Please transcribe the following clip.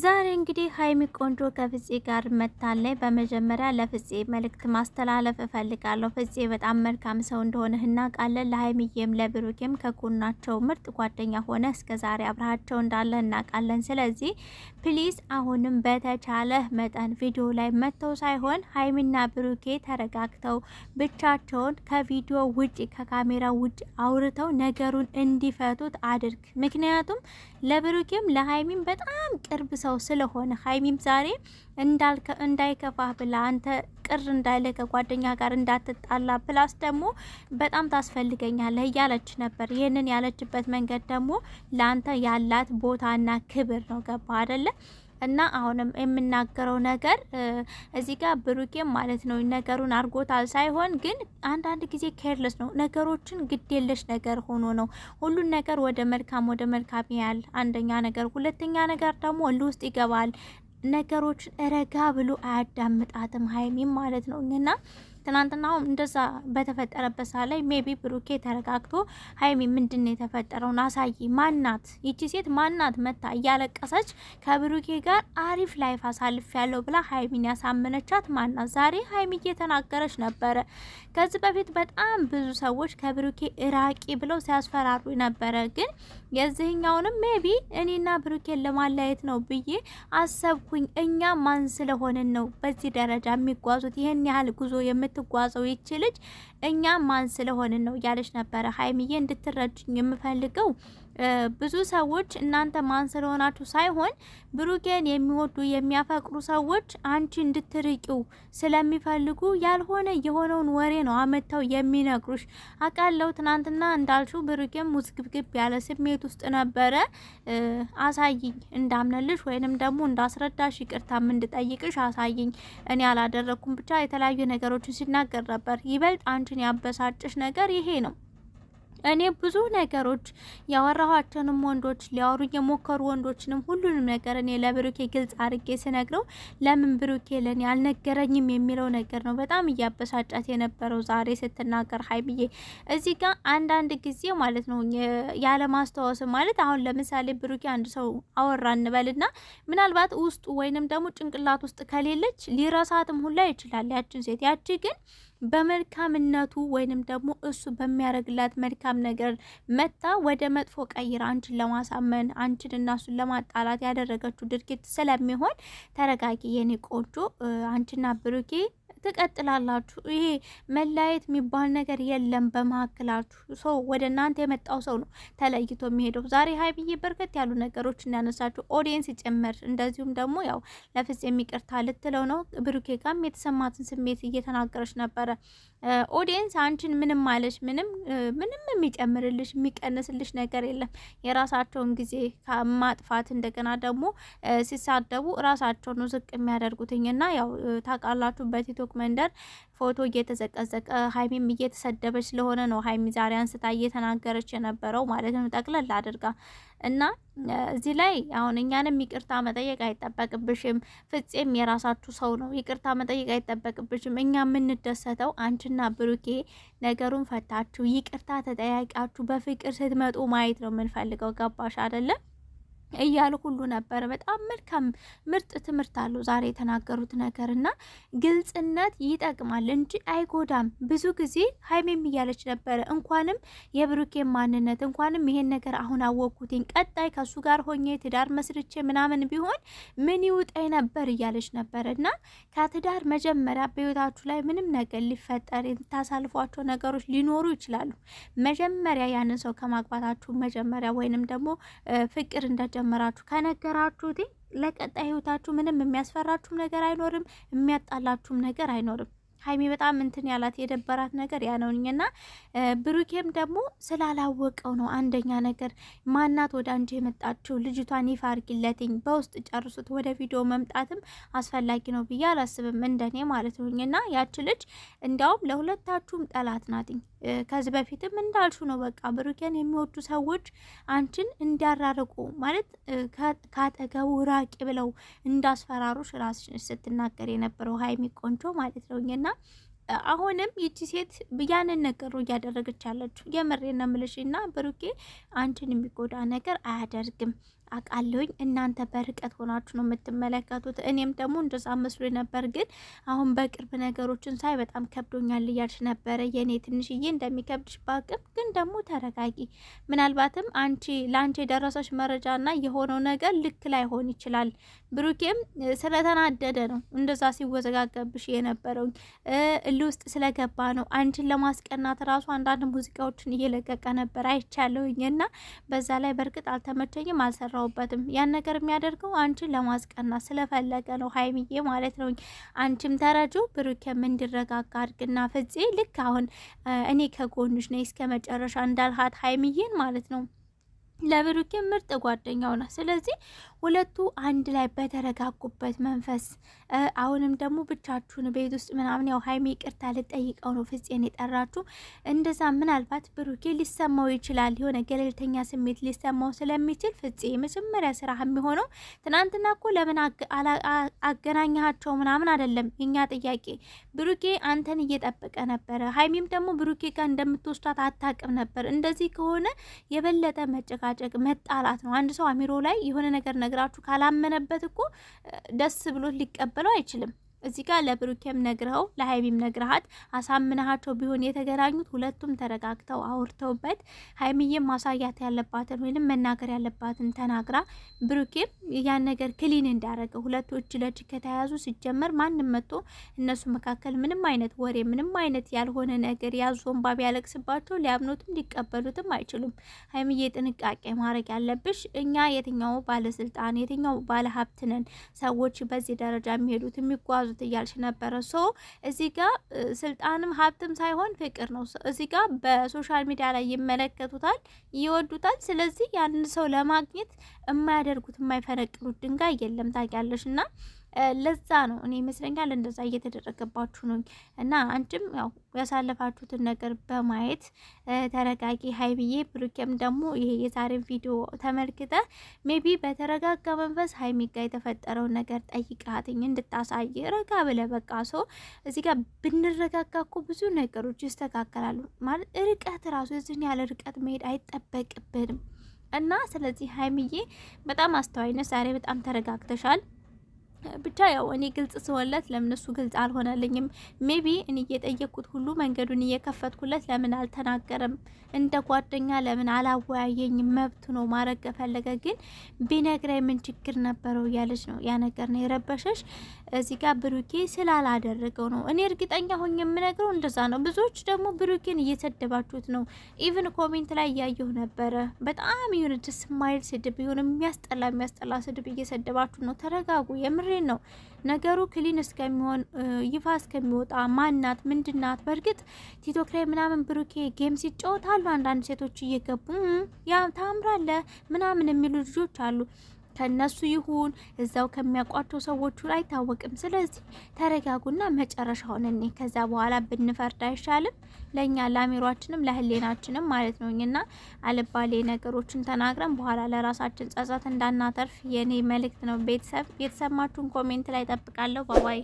ዛሬ እንግዲህ ሀይሚ ቆንጆ ከፍፄ ጋር መታለይ። በመጀመሪያ ለፍፄ መልእክት ማስተላለፍ እፈልጋለሁ። ፍፄ በጣም መልካም ሰው እንደሆነ እናውቃለን። ለሀይሚዬም ለብሩኬም ከጎናቸው ምርጥ ጓደኛ ሆነ እስከ ዛሬ አብረሃቸው እንዳለ እናውቃለን። ስለዚህ ፕሊዝ አሁንም በተቻለ መጠን ቪዲዮ ላይ መጥተው ሳይሆን ሀይሚና ብሩኬ ተረጋግተው ብቻቸውን ከቪዲዮ ውጭ ከካሜራ ውጭ አውርተው ነገሩን እንዲፈቱት አድርግ። ምክንያቱም ለብሩኬም ለሀይሚም በጣም ቅርብ ሰው ስለሆነ ሀይሚም ዛሬ እንዳይከፋህ ብላ አንተ ቅር እንዳይለ ከጓደኛ ጋር እንዳትጣላ ፕላስ ደግሞ በጣም ታስፈልገኛለህ እያለች ነበር። ይህንን ያለችበት መንገድ ደግሞ ለአንተ ያላት ቦታና ክብር ነው። ገባ አደለ? እና አሁንም የምናገረው ነገር እዚህ ጋር ብሩኬም ማለት ነው ነገሩን አድርጎታል ሳይሆን፣ ግን አንዳንድ ጊዜ ኬርለስ ነው ነገሮችን ግድ የለሽ ነገር ሆኖ ነው ሁሉን ነገር ወደ መልካም ወደ መልካም ያል አንደኛ ነገር፣ ሁለተኛ ነገር ደግሞ ሁሉ ውስጥ ይገባል ነገሮችን ረጋ ብሎ አያዳምጣትም ሀይሚም ማለት ነው እና ትናንትናውም እንደዛ በተፈጠረበት ሰዓት ላይ ሜቢ ብሩኬ ተረጋግቶ ሀይሚ ምንድን ነው የተፈጠረውን አሳይ፣ ማናት ይቺ ሴት ማናት? መታ እያለቀሰች ከብሩኬ ጋር አሪፍ ላይፍ አሳልፍ ያለው ብላ ሀይሚን ያሳመነቻት ማናት? ዛሬ ሀይሚ እየተናገረች ነበረ። ከዚህ በፊት በጣም ብዙ ሰዎች ከብሩኬ እራቂ ብለው ሲያስፈራሩ ነበረ። ግን የዚህኛውንም ሜቢ እኔና ብሩኬን ለማለየት ነው ብዬ አሰብኩኝ። እኛ ማን ስለሆንን ነው በዚህ ደረጃ የሚጓዙት ይህን ያህል ጉዞ የምት የምትጓዘው ይች ልጅ እኛ ማን ስለሆንን ነው እያለች ነበረ። ሀይሚዬ እንድትረጅኝ የምፈልገው ብዙ ሰዎች እናንተ ማን ስለሆናችሁ ሳይሆን ብሩኬን የሚወዱ የሚያፈቅሩ ሰዎች አንቺ እንድትርቂው ስለሚፈልጉ ያልሆነ የሆነውን ወሬ ነው አመተው የሚነግሩሽ። አቃለው ትናንትና እንዳልሽው ብሩኬም ውዝግብግብ ያለ ስሜት ውስጥ ነበረ። አሳይኝ እንዳምነልሽ ወይንም ደግሞ እንዳስረዳሽ ይቅርታም እንድጠይቅሽ አሳይኝ፣ እኔ አላደረግኩም ብቻ የተለያዩ ነገሮችን ሲናገር ነበር። ይበልጥ አንቺን ያበሳጭሽ ነገር ይሄ ነው። እኔ ብዙ ነገሮች ያወራኋቸውንም ወንዶች ሊያወሩ የሞከሩ ወንዶችንም ሁሉንም ነገር እኔ ለብሩኬ ግልጽ አድርጌ ስነግረው ለምን ብሩኬ ለኔ አልነገረኝም የሚለው ነገር ነው በጣም እያበሳጫት የነበረው ዛሬ ስትናገር ሀይሚዬ። እዚህ ጋር አንዳንድ ጊዜ ማለት ነው ያለማስታወስ ማለት አሁን ለምሳሌ ብሩኬ አንድ ሰው አወራ እንበልና ምናልባት ውስጡ ወይንም ደግሞ ጭንቅላት ውስጥ ከሌለች ሊረሳትም ሁላ ይችላል ያችን ሴት ያቺ ግን በመልካምነቱ ወይንም ደግሞ እሱ በሚያደርግላት መልካም ነገር መታ ወደ መጥፎ ቀይር አንቺን ለማሳመን አንቺን እናሱን ለማጣላት ያደረገችው ድርጊት ስለሚሆን ተረጋጊ የኔ ቆንጆ። አንቺና ብሩኬ ትቀጥላላችሁ። ይሄ መለያየት የሚባል ነገር የለም በመካከላችሁ። ሰው ወደ እናንተ የመጣው ሰው ነው ተለይቶ የሚሄደው። ዛሬ ሀይ ብዬ በርከት ያሉ ነገሮች እንዳነሳችሁ ኦዲየንስ ጭምር እንደዚሁም ደግሞ ያው ለፍጽ የሚቅርታ ልትለው ነው። ብሩኬ ጋም የተሰማትን ስሜት እየተናገረች ነበረ። ኦዲየንስ አንቺን ምንም አለሽ ምንም ምንም የሚጨምርልሽ የሚቀንስልሽ ነገር የለም። የራሳቸውን ጊዜ ከማጥፋት እንደገና ደግሞ ሲሳደቡ ራሳቸው ነው ዝቅ የሚያደርጉትኝ እና ያው ታውቃላችሁ በቲክቶክ መንደር ፎቶ እየተዘቀዘቀ ሀይሚም እየተሰደበች ስለሆነ ነው። ሀይሚ ዛሬ አንስታ እየተናገረች የነበረው ማለት ነው ጠቅለል አድርጋ እና እዚህ ላይ አሁን እኛንም ይቅርታ መጠየቅ አይጠበቅብሽም። ፍፄም የራሳችሁ ሰው ነው፣ ይቅርታ መጠየቅ አይጠበቅብሽም። እኛ የምንደሰተው አንቺና ብሩኬ ነገሩን ፈታችሁ ይቅርታ ተጠያቂያችሁ በፍቅር ስትመጡ ማየት ነው የምንፈልገው። ገባሽ አይደለም? እያሉ ሁሉ ነበረ። በጣም መልካም ምርጥ ትምህርት አለው ዛሬ የተናገሩት ነገር እና ግልጽነት ይጠቅማል እንጂ አይጎዳም። ብዙ ጊዜ ሀይሜም እያለች ነበረ እንኳንም የብሩኬ ማንነት እንኳንም ይሄን ነገር አሁን አወቅኩትኝ ቀጣይ ከሱ ጋር ሆኜ ትዳር መስርቼ ምናምን ቢሆን ምን ይውጠኝ ነበር እያለች ነበረ እና ከትዳር መጀመሪያ በህይወታችሁ ላይ ምንም ነገር ሊፈጠር የምታሳልፏቸው ነገሮች ሊኖሩ ይችላሉ። መጀመሪያ ያንን ሰው ከማግባታችሁ መጀመሪያ ወይንም ደግሞ ፍቅር እንደ እንደጨመራችሁ ከነገራችሁት ለቀጣይ ህይወታችሁ ምንም የሚያስፈራችሁም ነገር አይኖርም፣ የሚያጣላችሁም ነገር አይኖርም። ሀይሚ በጣም እንትን ያላት የደበራት ነገር ያ ነውኝና ብሩኬም ደግሞ ስላላወቀው ነው። አንደኛ ነገር ማናት ወደ አንቺ የመጣችው ልጅቷን ይፋ አርጊለትኝ በውስጥ ጨርሱት። ወደ ቪዲዮ መምጣትም አስፈላጊ ነው ብዬ አላስብም፣ እንደኔ ማለት ነውኝና ያች ልጅ እንዲያውም ለሁለታችሁም ጠላት ናትኝ። ከዚህ በፊትም እንዳልሹ ነው። በቃ ብሩኬን የሚወዱ ሰዎች አንቺን እንዲያራርቁ ማለት ካጠገቡ ራቂ ብለው እንዳስፈራሩሽ ራስሽ ስትናገር የነበረው ሀይሚ ቆንጆ ማለት ነውኝና አሁንም ይቺ ሴት ያንን ነገሩ እያደረገች ያለችው የምሬ ነው የምልሽ። እና ብሩኬ አንቺን የሚጎዳ ነገር አያደርግም። አቃለሁኝ እናንተ በርቀት ሆናችሁ ነው የምትመለከቱት። እኔም ደግሞ እንደዛ መስሎ ነበር፣ ግን አሁን በቅርብ ነገሮችን ሳይ በጣም ከብዶኛል እያልሽ ነበረ። የእኔ ትንሽዬ እንደሚከብድሽ ባቅም፣ ግን ደግሞ ተረጋጊ። ምናልባትም አንቺ ለአንቺ የደረሰች መረጃና የሆነው ነገር ልክ ላይሆን ይችላል። ብሩኬም ስለተናደደ ነው እንደዛ ሲወዘጋገብሽ የነበረው እል ውስጥ ስለገባ ነው። አንቺን ለማስቀናት ራሱ አንዳንድ ሙዚቃዎችን እየለቀቀ ነበር አይቻለሁኝ። እና በዛ ላይ በእርግጥ አልተመቸኝም አልሰራ አልሰራውበትም። ያን ነገር የሚያደርገው አንቺን ለማስቀና ስለፈለገ ነው ሀይሚዬ ማለት ነው። አንቺም ተረጁ ብሩኬም እንዲረጋጋ አድርግና ፍፄ ልክ አሁን እኔ ከጎንሽ ነኝ እስከ መጨረሻ እንዳልሃት ሀይሚዬን ማለት ነው ለብሩኬ ምርጥ ጓደኛው ነው። ስለዚህ ሁለቱ አንድ ላይ በተረጋጉበት መንፈስ አሁንም ደግሞ ብቻችሁን ቤት ውስጥ ምናምን ያው ሀይሜ ይቅርታ ልጠይቀው ነው ፍጼን የጠራችሁ። እንደዛ ምናልባት ብሩኬ ሊሰማው ይችላል፣ የሆነ ገለልተኛ ስሜት ሊሰማው ስለሚችል ፍጼ መጀመሪያ ስራ የሚሆነው ትናንትና እኮ ለምን አገናኛቸው ምናምን አይደለም የኛ ጥያቄ። ብሩኬ አንተን እየጠበቀ ነበረ። ሀይሜም ደግሞ ብሩኬ ጋር እንደምትወስዳት አታቅም ነበር። እንደዚህ ከሆነ የበለጠ መጨቃ መጨቃጨቅ፣ መጣላት ነው። አንድ ሰው አሚሮ ላይ የሆነ ነገር ነግራችሁ ካላመነበት እኮ ደስ ብሎት ሊቀበለው አይችልም። እዚህ ጋር ለብሩኬም ነግረኸው ለሀይሚም ነግረሃት አሳምነሃቸው ቢሆን የተገናኙት ሁለቱም ተረጋግተው አውርተውበት ሀይሚዬም ማሳያት ያለባትን ወይም መናገር ያለባትን ተናግራ ብሩኬም ያን ነገር ክሊን እንዳረገ ሁለቱ እጅ ለእጅ ከተያያዙ ሲጀመር ማንም መጥቶ እነሱ መካከል ምንም አይነት ወሬ ምንም አይነት ያልሆነ ነገር ያዞን ባብ ያለቅስባቸው ሊያምኑትም ሊቀበሉትም አይችሉም። ሀይሚዬ ጥንቃቄ ማድረግ ያለብሽ እኛ የትኛው ባለስልጣን የትኛው ባለሀብት ነን ሰዎች በዚህ ደረጃ የሚሄዱት የሚጓዙ ያዙት እያልሽ ነበረ። ሶ እዚ ጋ ስልጣንም ሀብትም ሳይሆን ፍቅር ነው። እዚ ጋ በሶሻል ሚዲያ ላይ ይመለከቱታል፣ ይወዱታል። ስለዚህ ያን ሰው ለማግኘት የማያደርጉት የማይፈነቅሉት ድንጋይ የለም። ታውቂያለሽ እና ለዛ ነው እኔ ይመስለኛል እንደዛ እየተደረገባችሁ ነው። እና አንድም ያው ያሳለፋችሁትን ነገር በማየት ተረጋጊ ሀይ ብዬ ብሩኬም ደግሞ ይሄ የዛሬን ቪዲዮ ተመልክተ ሜቢ በተረጋጋ መንፈስ ሀይሚ ጋ የተፈጠረውን ነገር ጠይቃትኝ እንድታሳይ ረጋ ብለ በቃ ሰው እዚህ ጋር ብንረጋጋ እኮ ብዙ ነገሮች ይስተካከላሉ። ማለት ርቀት ራሱ እዚህን ያለ ርቀት መሄድ አይጠበቅብንም። እና ስለዚህ ሀይሚዬ በጣም አስተዋይነት ዛሬ በጣም ተረጋግተሻል። ብቻ ያው እኔ ግልጽ ስሆንለት ለምን እሱ ግልጽ አልሆነልኝም። ሜቢ እኔ እየጠየቅኩት ሁሉ መንገዱን እየከፈትኩለት ለምን አልተናገረም? እንደ ጓደኛ ለምን አላወያየኝም? መብት ነው ማድረግ ከፈለገ። ግን ቢነግራይ ምን ችግር ነበረው እያለች ነው ያ ነገር ነው የረበሸሽ እዚህ ጋር ብሩኬ ስላላደረገው ነው። እኔ እርግጠኛ ሆኜ የምነግረው እንደዛ ነው። ብዙዎች ደግሞ ብሩኬን እየሰደባችሁት ነው። ኢቭን ኮሜንት ላይ እያየሁ ነበረ። በጣም ይሁን ደስ ስድብ፣ ይሁን የሚያስጠላ የሚያስጠላ ስድብ እየሰደባችሁ ነው። ተረጋጉ። የምሬን ነው። ነገሩ ክሊን እስከሚሆን ይፋ እስከሚወጣ ማናት ምንድናት? በእርግጥ ቲክቶክ ላይ ምናምን ብሩኬ ጌም ሲጫወት አሉ አንዳንድ ሴቶች እየገቡ ያ ታምራለ ምናምን የሚሉ ልጆች አሉ። ከነሱ ይሁን እዛው ከሚያውቋቸው ሰዎቹ አይታወቅም። ስለዚህ ተረጋጉና መጨረሻውን እኔ ከዛ በኋላ ብንፈርድ አይሻልም? ለእኛ ለአሚሯችንም ለህሌናችንም ማለት ነው። እኛና አልባሌ ነገሮችን ተናግረን በኋላ ለራሳችን ጸጸት እንዳናተርፍ የኔ መልእክት ነው። ቤተሰብ የተሰማችሁን ኮሜንት ላይ ጠብቃለሁ። ባባይ